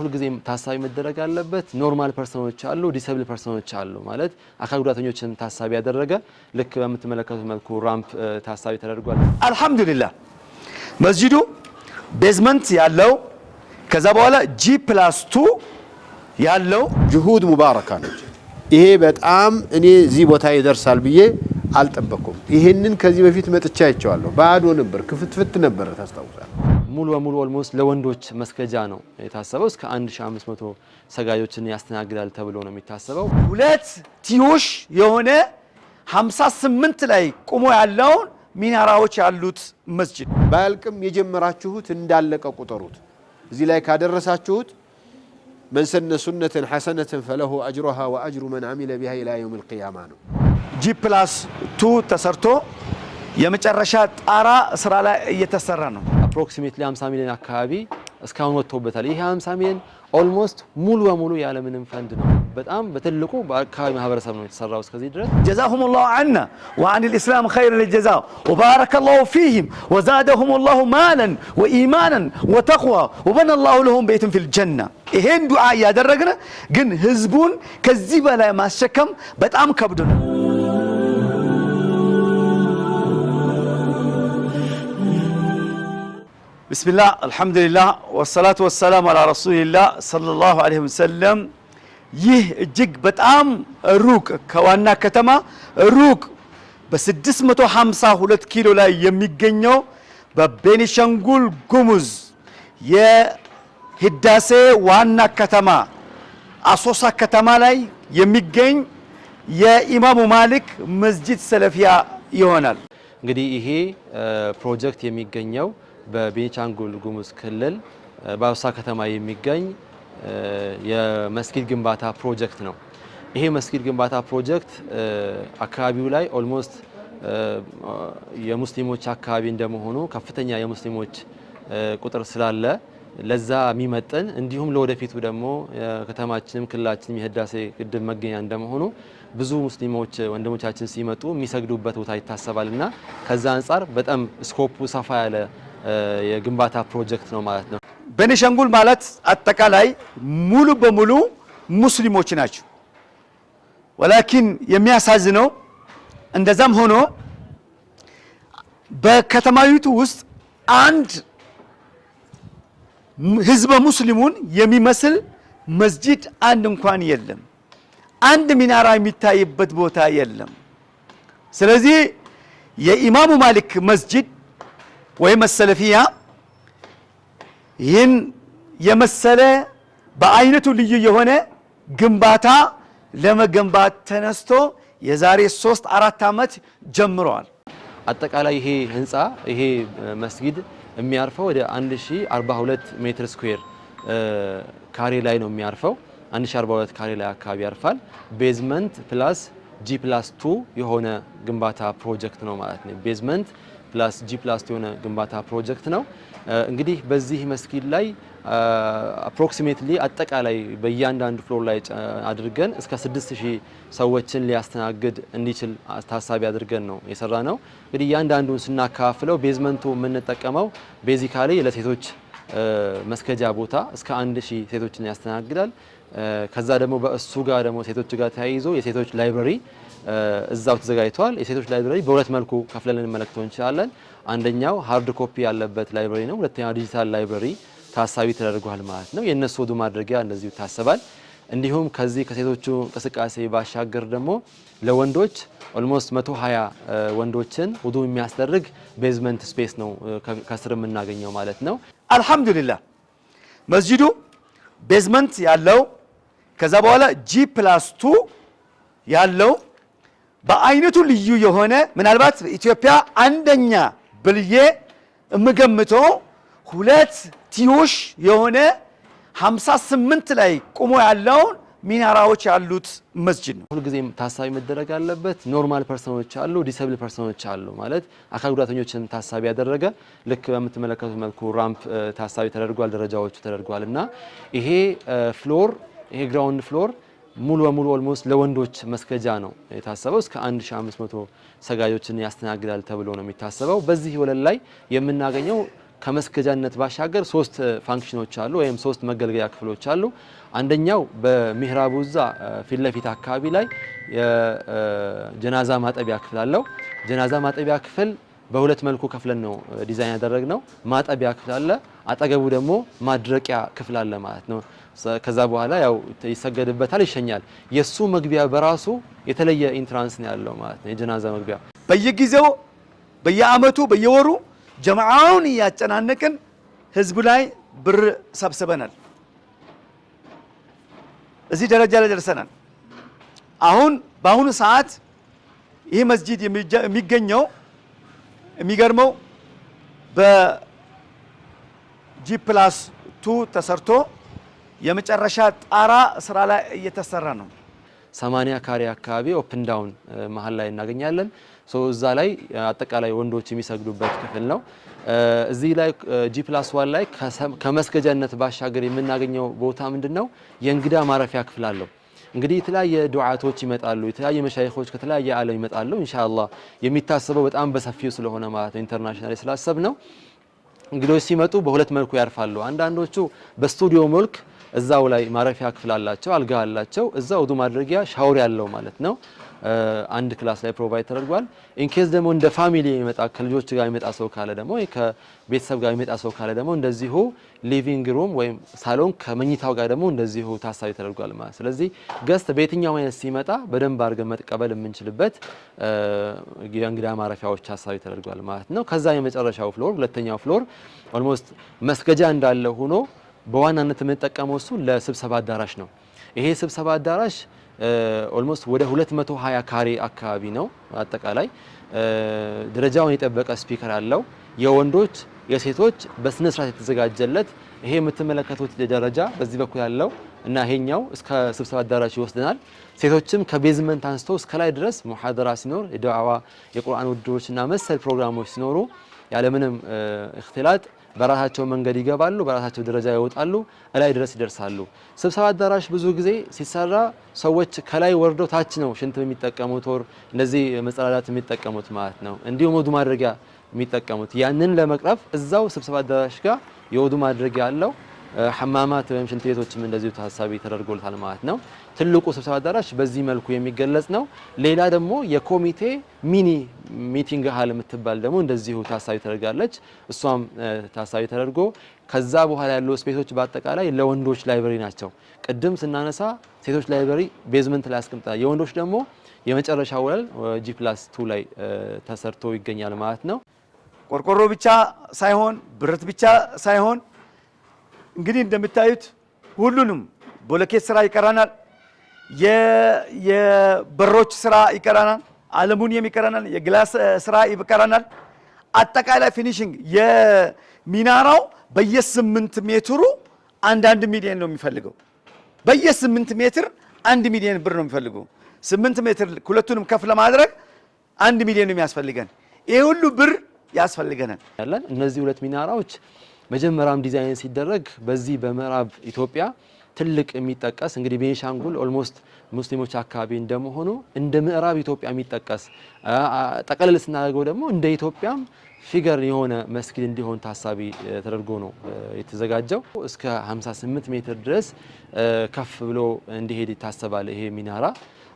ሁልጊዜም ታሳቢ መደረግ አለበት። ኖርማል ፐርሰኖች አሉ፣ ዲሰብል ፐርሰኖች አሉ። ማለት አካል ጉዳተኞችን ታሳቢ ያደረገ ልክ በምትመለከቱት መልኩ ራምፕ ታሳቢ ተደርጓል። አልሐምዱሊላ መስጂዱ ቤዝመንት ያለው ከዛ በኋላ ጂ ፕላስ ቱ ያለው ጅሁድ ሙባረካ ነው። ይሄ በጣም እኔ እዚህ ቦታ ይደርሳል ብዬ አልጠበኩም። ይሄንን ከዚህ በፊት መጥቻ አይቼዋለሁ። ባዶ ነበር፣ ክፍትፍት ነበር። ታስታውሳል ሙሉ በሙሉ ኦልሞስት ለወንዶች መስገጃ ነው የታሰበው። እስከ 1500 ሰጋጆችን ያስተናግዳል ተብሎ ነው የሚታሰበው። ሁለት ትዮሽ የሆነ 58 ላይ ቁሞ ያለውን ሚናራዎች ያሉት መስጂድ ባያልቅም የጀመራችሁት እንዳለቀ ቁጠሩት። እዚህ ላይ ካደረሳችሁት መንሰነ ሱነትን ሐሰነትን ፈለሁ አጅሮሃ ወአጅሩ መን አሚለ ቢሃ ኢላ የውም ልቅያማ ነው። ጂ ፕላስ ቱ ተሰርቶ የመጨረሻ ጣራ ስራ ላይ እየተሰራ ነው። አፕሮክሲሜትሊ 50 ሚሊዮን አካባቢ እስካሁን ወጥቶበታል። ይሄ 50 ሚሊዮን ኦልሞስት ሙሉ በሙሉ ያለምንም ፈንድ ነው። በጣም በትልቁ በአካባቢ ማህበረሰብ ነው የተሰራው እስከዚህ ድረስ። ጀዛሁም ላሁ አና ወአን ልእስላም ኸይረ ልጀዛ ወባረከ ላሁ ፊህም ወዛደሁም ላሁ ማለን ወኢማናን ወተቅዋ ወበነ ላሁ ለሁም ቤትን ፊ ልጀና። ይሄን ዱዓ እያደረግን ግን ህዝቡን ከዚህ በላይ ማስሸከም በጣም ከብዶ ነው። ቢስሚላህ አልሐምዱሊላህ ወሰላቱ ወሰላም አላ ረሱሊላህ ሰለላሁ ዐለይሂ ወሰለም። ይህ እጅግ በጣም ሩቅ ከዋና ከተማ ሩቅ በ652 ኪሎ ላይ የሚገኘው በቤኒሸንጉል ጉሙዝ የህዳሴ ዋና ከተማ አሶሳ ከተማ ላይ የሚገኝ የኢማሙ ማሊክ መስጂድ ሰለፊያ ይሆናል። እንግዲህ ይሄ ፕሮጀክት የሚገኘው በቤንቻንጉል ጉሙዝ ክልል በአሶሳ ከተማ የሚገኝ የመስጊድ ግንባታ ፕሮጀክት ነው። ይሄ መስጊድ ግንባታ ፕሮጀክት አካባቢው ላይ ኦልሞስት የሙስሊሞች አካባቢ እንደመሆኑ ከፍተኛ የሙስሊሞች ቁጥር ስላለ ለዛ የሚመጥን እንዲሁም ለወደፊቱ ደግሞ ከተማችንም ክልላችንም የህዳሴ ግድብ መገኛ እንደመሆኑ ብዙ ሙስሊሞች ወንድሞቻችን ሲመጡ የሚሰግዱበት ቦታ ይታሰባል እና ከዛ አንጻር በጣም ስኮፑ ሰፋ ያለ የግንባታ ፕሮጀክት ነው ማለት ነው። ቤኒሻንጉል ማለት አጠቃላይ ሙሉ በሙሉ ሙስሊሞች ናቸው። ወላኪን የሚያሳዝነው እንደዛም ሆኖ በከተማዊቱ ውስጥ አንድ ህዝበ ሙስሊሙን የሚመስል መስጂድ አንድ እንኳን የለም። አንድ ሚናራ የሚታይበት ቦታ የለም። ስለዚህ የኢማሙ ማሊክ መስጂድ ወይም መሰለፊያ ይህን የመሰለ በአይነቱ ልዩ የሆነ ግንባታ ለመገንባት ተነስቶ የዛሬ ሶስት አራት ዓመት ጀምረዋል። አጠቃላይ ይሄ ህንፃ ይሄ መስጊድ የሚያርፈው ወደ 1042 ሜትር ስኩዌር ካሬ ላይ ነው የሚያርፈው። 1042 ካሬ ላይ አካባቢ ያርፋል። ቤዝመንት ፕላስ ጂ ፕላስ ቱ የሆነ ግንባታ ፕሮጀክት ነው ማለት ነው ቤዝመንት ፕላስ ጂ ፕላስ የሆነ ግንባታ ፕሮጀክት ነው። እንግዲህ በዚህ መስጊድ ላይ አፕሮክሲሜትሊ አጠቃላይ በእያንዳንዱ ፍሎር ላይ አድርገን እስከ 6000 ሰዎችን ሊያስተናግድ እንዲችል ታሳቢ አድርገን ነው የሰራ ነው። እንግዲህ እያንዳንዱን ስናካፍለው ቤዝመንቱ የምንጠቀመው ቤዚካሊ ለሴቶች መስገጃ ቦታ እስከ 1000 ሴቶችን ያስተናግዳል። ከዛ ደግሞ በእሱ ጋር ደግሞ ሴቶች ጋር ተያይዞ የሴቶች ላይብረሪ እዛው ተዘጋጅተዋል። የሴቶች ላይብራሪ በሁለት መልኩ ከፍለን ልንመለከተው እንችላለን። አንደኛው ሃርድ ኮፒ ያለበት ላይብራሪ ነው። ሁለተኛው ዲጂታል ላይብራሪ ታሳቢ ተደርጓል ማለት ነው። የእነሱ ወዱ ማድረጊያ እንደዚሁ ይታሰባል። እንዲሁም ከዚህ ከሴቶቹ እንቅስቃሴ ባሻገር ደግሞ ለወንዶች ኦልሞስት 120 ወንዶችን ውዱ የሚያስደርግ ቤዝመንት ስፔስ ነው ከስር የምናገኘው ማለት ነው። አልሐምዱሊላ መስጂዱ ቤዝመንት ያለው ከዛ በኋላ ጂ ፕላስ ቱ ያለው በአይነቱ ልዩ የሆነ ምናልባት በኢትዮጵያ አንደኛ ብልዬ የምገምተው ሁለት ቲዮሽ የሆነ 58 ላይ ቁሞ ያለውን ሚናራዎች ያሉት መስጅድ ነው። ሁልጊዜም ታሳቢ መደረግ አለበት። ኖርማል ፐርሰኖች አሉ፣ ዲሰብል ፐርሰኖች አሉ። ማለት አካል ጉዳተኞችን ታሳቢ ያደረገ ልክ በምትመለከቱት መልኩ ራምፕ ታሳቢ ተደርጓል፣ ደረጃዎቹ ተደርጓል እና ይሄ ፍሎር ይሄ ግራውንድ ፍሎር ሙሉ በሙሉ ኦልሞስት ለወንዶች መስገጃ ነው የታሰበው። እስከ 1500 ሰጋጆችን ያስተናግዳል ተብሎ ነው የሚታሰበው። በዚህ ወለል ላይ የምናገኘው ከመስገጃነት ባሻገር ሶስት ፋንክሽኖች አሉ፣ ወይም ሶስት መገልገያ ክፍሎች አሉ። አንደኛው በሚህራቡ ዛ ፊት ለፊት አካባቢ ላይ የጀናዛ ማጠቢያ ክፍል አለው። ጀናዛ ማጠቢያ ክፍል በሁለት መልኩ ከፍለን ነው ዲዛይን ያደረግነው። ማጠቢያ ክፍል አለ፣ አጠገቡ ደግሞ ማድረቂያ ክፍል አለ ማለት ነው። ከዛ በኋላ ያው ይሰገድበታል፣ ይሸኛል። የሱ መግቢያ በራሱ የተለየ ኢንትራንስ ነው ያለው ማለት ነው። የጀናዛ መግቢያ በየጊዜው በየአመቱ በየወሩ ጀማዓውን እያጨናነቅን ህዝቡ ላይ ብር ሰብስበናል። እዚህ ደረጃ ላይ ደርሰናል። አሁን በአሁኑ ሰዓት ይህ መስጂድ የሚገኘው የሚገርመው በጂ ፕላስ ቱ ተሰርቶ የመጨረሻ ጣራ ስራ ላይ እየተሰራ ነው። ሰማኒያ ካሬ አካባቢ ኦፕን ዳውን መሀል ላይ እናገኛለን። እዛ ላይ አጠቃላይ ወንዶች የሚሰግዱበት ክፍል ነው። uh, እዚህ ላይ ጂ ፕላስ ዋን ላይ ከመስገጃነት ባሻገር የምናገኘው ቦታ ምንድን ነው? የእንግዳ ማረፊያ ክፍል አለው። እንግዲህ የተለያየ ዱዓቶች ይመጣሉ፣ የተለያየ መሻይኾች ከተለያየ ዓለም ይመጣሉ። ኢንሻአላህ የሚታሰበው በጣም በሰፊው ስለሆነ ማለት ነው ኢንተርናሽናል ስላሰብ ነው። እንግዶች ሲመጡ በሁለት መልኩ ያርፋሉ። አንዳንዶቹ በስቱዲዮ መልክ እዛው ላይ ማረፊያ ክፍል አላቸው፣ አልጋ አላቸው፣ እዛው ውዱ ማድረጊያ ሻወር ያለው ማለት ነው። አንድ ክላስ ላይ ፕሮቫይድ ተደርጓል። ኢንኬዝ ደግሞ እንደ ፋሚሊ የሚመጣ ከልጆች ጋር የሚመጣ ሰው ካለ ደግሞ ከቤተሰብ ጋር የሚመጣ ሰው ካለ ደግሞ እንደዚሁ ሊቪንግ ሩም ወይም ሳሎን ከመኝታው ጋር ደግሞ እንደዚሁ ታሳቢ ተደርጓል ማለት። ስለዚህ ገስት በየትኛው አይነት ሲመጣ በደንብ አድርገን መቀበል የምንችልበት የእንግዳ ማረፊያዎች ታሳቢ ተደርጓል ማለት ነው። ከዛ የመጨረሻው ፍሎር ሁለተኛው ፍሎር ኦልሞስት መስገጃ እንዳለ ሆኖ በዋናነት የምንጠቀመው እሱ ለስብሰባ አዳራሽ ነው። ይሄ ስብሰባ አዳራሽ ኦልሞስት ወደ 220 ካሬ አካባቢ ነው። አጠቃላይ ደረጃውን የጠበቀ ስፒከር አለው። የወንዶች የሴቶች በስነ ስርዓት የተዘጋጀለት ይሄ የምትመለከቱት ደረጃ በዚህ በኩል ያለው እና ይሄኛው እስከ ስብሰባ አዳራሽ ይወስደናል። ሴቶችም ከቤዝመንት አንስቶ እስከ ላይ ድረስ ሙሐደራ ሲኖር የደዋዋ የቁርአን እና መሰል ፕሮግራሞች ሲኖሩ ያለምንም እክትላጥ በራሳቸው መንገድ ይገባሉ፣ በራሳቸው ደረጃ ይወጣሉ፣ እላይ ድረስ ይደርሳሉ። ስብሰባ አዳራሽ ብዙ ጊዜ ሲሰራ ሰዎች ከላይ ወርደው ታች ነው ሽንት የሚጠቀሙት ወር እንደዚህ መጸዳዳት የሚጠቀሙት ማለት ነው። እንዲሁም ወዱ ማድረጊያ የሚጠቀሙት ያንን ለመቅረፍ እዛው ስብሰባ አዳራሽ ጋር የወዱ ማድረጊያ አለው። ሐማማት ወይም ሽንት ቤቶችም እንደዚሁ ታሳቢ ተደርጎልታል ማለት ነው። ትልቁ ስብሰባ አዳራሽ በዚህ መልኩ የሚገለጽ ነው። ሌላ ደግሞ የኮሚቴ ሚኒ ሚቲንግ ሀል የምትባል ደግሞ እንደዚሁ ታሳቢ ተደርጋለች። እሷም ታሳቢ ተደርጎ ከዛ በኋላ ያለው ስፔሶች በአጠቃላይ ለወንዶች ላይብረሪ ናቸው። ቅድም ስናነሳ ሴቶች ላይብረሪ ቤዝመንት ላይ አስቀምጣ፣ የወንዶች ደግሞ የመጨረሻ ወለል ጂ ፕላስ ቱ ላይ ተሰርቶ ይገኛል ማለት ነው። ቆርቆሮ ብቻ ሳይሆን ብረት ብቻ ሳይሆን እንግዲህ እንደምታዩት ሁሉንም ቦለኬት ስራ ይቀራናል፣ የበሮች ስራ ይቀራናል፣ አለሙኒየም ይቀራናል፣ የግላስ ስራ ይቀራናል። አጠቃላይ ፊኒሽንግ የሚናራው በየስምንት ሜትሩ አንዳንድ ሚሊየን ነው የሚፈልገው። በየስምንት ሜትር አንድ ሚሊየን ብር ነው የሚፈልገው። ስምንት ሜትር ሁለቱንም ከፍ ለማድረግ አንድ ሚሊዮን ነው የሚያስፈልገን። ይህ ሁሉ ብር ያስፈልገናል። እነዚህ ሁለት ሚናራዎች መጀመሪያም ዲዛይን ሲደረግ በዚህ በምዕራብ ኢትዮጵያ ትልቅ የሚጠቀስ እንግዲህ ቤንሻንጉል ኦልሞስት ሙስሊሞች አካባቢ እንደመሆኑ እንደ ምዕራብ ኢትዮጵያ የሚጠቀስ ጠቀለል ስናደርገው ደግሞ እንደ ኢትዮጵያም ፊገር የሆነ መስጊድ እንዲሆን ታሳቢ ተደርጎ ነው የተዘጋጀው። እስከ 58 ሜትር ድረስ ከፍ ብሎ እንዲሄድ ይታሰባል ይሄ ሚናራ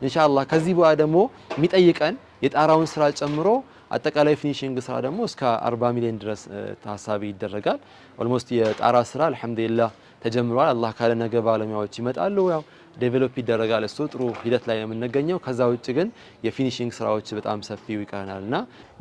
ኢንሻአላህ። ከዚህ በኋላ ደግሞ የሚጠይቀን የጣራውን ስራ ጨምሮ አጠቃላይ ፊኒሽንግ ስራ ደግሞ እስከ 40 ሚሊዮን ድረስ ታሳቢ ይደረጋል። ኦልሞስት የጣራ ስራ አልሐምዱሊላህ ተጀምሯል። አላህ ካለ ነገ ባለሙያዎች ይመጣሉ፣ ያው ዴቨሎፕ ይደረጋል። እሱ ጥሩ ሂደት ላይ የምንገኘው። ከዛ ውጭ ግን የፊኒሽንግ ስራዎች በጣም ሰፊው ይቀረናልና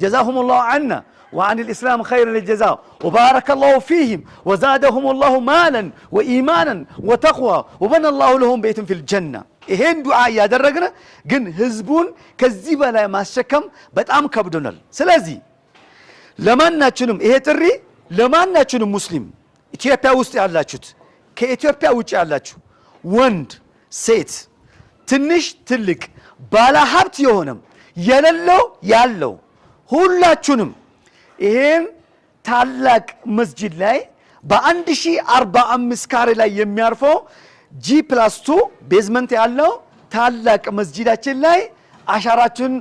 جزاهم الله عنا وعن الإسلام خير الجزاء وبارك الله فيهم وزادهم الله مالا وإيمانا وتقوى وبنى الله لهم بيت في الجنة ይሄን ዱዓ እያደረግን ግን ህዝቡን ከዚህ በላይ ማሸከም በጣም ከብዶናል። ስለዚህ ለማናችንም ይሄ ጥሪ ለማናችንም ሙስሊም ኢትዮጵያ ውስጥ ያላችሁት፣ ከኢትዮጵያ ውጭ ያላችሁ ወንድ፣ ሴት፣ ትንሽ ትልቅ፣ ባለ ሀብት የሆነም የሌለው ያለው ሁላችሁንም ይሄን ታላቅ መስጂድ ላይ በአንድ 1045 አርባ አምስት ካሬ ላይ የሚያርፈው ጂ ፕላስ ቱ ቤዝመንት ያለው ታላቅ መስጂዳችን ላይ አሻራችሁን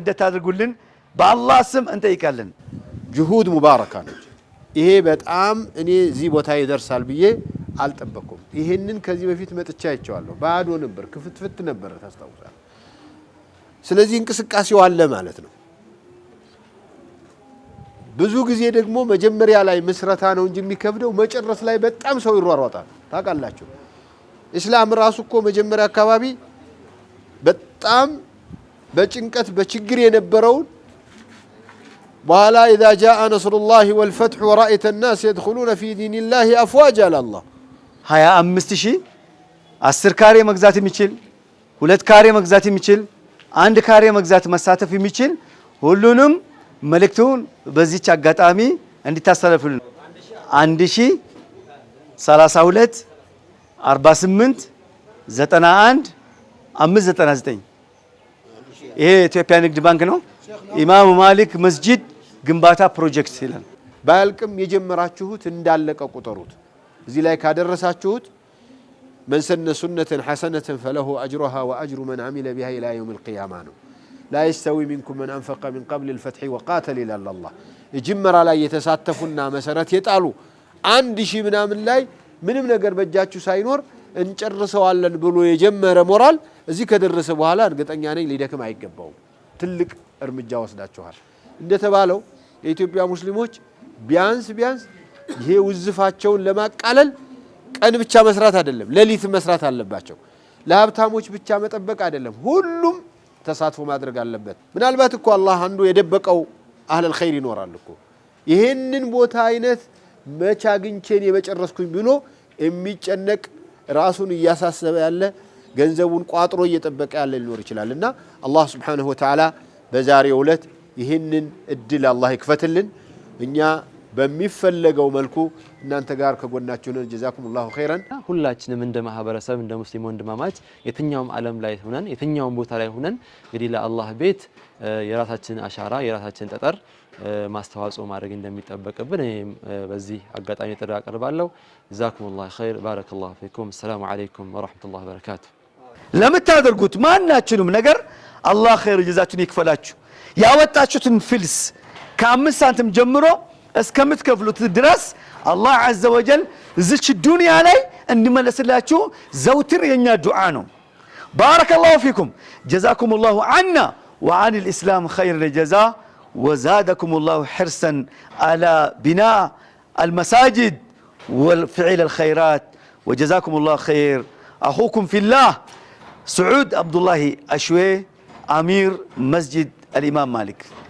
እንድታደርጉልን በአላህ ስም እንጠይቃለን። ጅሁድ ሙባረካ ነች። ይሄ በጣም እኔ እዚህ ቦታ ይደርሳል ብዬ አልጠበቁም ይሄንን ከዚህ በፊት መጥቻ አይቼዋለሁ። ባዶ ነበር፣ ክፍትፍት ነበር፣ ታስታውሳል። ስለዚህ እንቅስቃሴው አለ ማለት ነው። ብዙ ጊዜ ደግሞ መጀመሪያ ላይ ምስረታ ነው እንጂ የሚከብደው መጨረስ ላይ በጣም ሰው ይሯሯጣል። ታውቃላችሁ። እስላም ራሱ እኮ መጀመሪያ አካባቢ በጣም በጭንቀት በችግር የነበረውን በኋላ ኢዛ ጃአ ነስሩላሂ ወልፈትሑ ወራአይተ ናስ የድኹሉነ ፊ ዲኒላሂ አፍዋጅ አለ አላህ። ሀያ አምስት ሺህ አስር ካሬ መግዛት የሚችል ሁለት ካሬ መግዛት የሚችል አንድ ካሬ መግዛት መሳተፍ የሚችል ሁሉንም መልእክቱን በዚች አጋጣሚ እንዲታስተላልፉልን አንድ ሺህ ሰላሳ ሁለት 48 91 599 ይሄ የኢትዮጵያ ንግድ ባንክ ነው። ኢማሙ ማሊክ መስጂድ ግንባታ ፕሮጀክት ይላል። ባያልቅም የጀመራችሁት እንዳለቀ ቁጠሩት። እዚህ ላይ ካደረሳችሁት መን ሰነ ሱነተን ሐሰነተን ፈለሁ አጅሩሃ ወአጅሩ መን አሚለ ቢሃ ኢላ የውም ልቅያማ ነው። ላ የስተዊ ሚንኩም መን አንፈቀ ሚን ቀብል ልፈትሒ ወቃተል ይላል አላህ። ጅመራ ላይ የተሳተፉና መሰረት የጣሉ አንድ ሺህ ምናምን ላይ ምንም ነገር በእጃችሁ ሳይኖር እንጨርሰዋለን ብሎ የጀመረ ሞራል እዚህ ከደረሰ በኋላ እርግጠኛ ነኝ ሊደክም አይገባውም። ትልቅ እርምጃ ወስዳችኋል። እንደተባለው የኢትዮጵያ ሙስሊሞች ቢያንስ ቢያንስ ይሄ ውዝፋቸውን ለማቃለል ቀን ብቻ መስራት አይደለም፣ ሌሊት መስራት አለባቸው። ለሀብታሞች ብቻ መጠበቅ አይደለም፣ ሁሉም ተሳትፎ ማድረግ አለበት። ምናልባት እኮ አላህ አንዱ የደበቀው አህለል ኸይር ይኖራል እኮ ይሄንን ቦታ አይነት መቼ አግኝቼን የመጨረስኩኝ ብሎ የሚጨነቅ ራሱን እያሳሰበ ያለ ገንዘቡን ቋጥሮ እየጠበቀ ያለ ሊኖር ይችላል እና አላህ ስብሓነሁ ወተዓላ በዛሬው ዕለት ይህንን እድል አላህ ይክፈትልን። እኛ በሚፈለገው መልኩ እናንተ ጋር ከጎናችሁ ነን። ጀዛኩም ላሁ ኸይረን። ሁላችንም እንደ ማህበረሰብ እንደ ሙስሊም ወንድማማች የትኛውም ዓለም ላይ ሆነን የትኛውም ቦታ ላይ ሆነን እንግዲህ ለአላህ ቤት የራሳችን አሻራ የራሳችን ጠጠር ማስተዋጽኦ ማድረግ እንደሚጠበቅብን እኔም በዚህ አጋጣሚ ጥሪ አቀርባለሁ። ጀዛኩሙላህ ኸይር፣ ባረከላሁ ፊኩም። አሰላሙ አለይኩም ወረሕመቱላህ በረካቱ። ለምታደርጉት ማናችንም ነገር አላህ ኸይር ጀዛችሁን ይክፈላችሁ። ያወጣችሁትን ፍልስ ከአምስት ሳንቲም ጀምሮ እስከምትከፍሉት ድረስ አላህ ዐዘ ወጀል እዚች ዱንያ ላይ እንዲመለስላችሁ ዘውትር የኛ ዱዓ ነው። ባረከላሁ ፊኩም ጀዛኩሙላሁ ላሁ አና ወአን ኸይር ጀዛ وزادكم الله حرصا على بناء المساجد وفعل الخيرات وجزاكم الله خير أخوكم في الله سعود عبد الله أشوي أمير مسجد الإمام مالك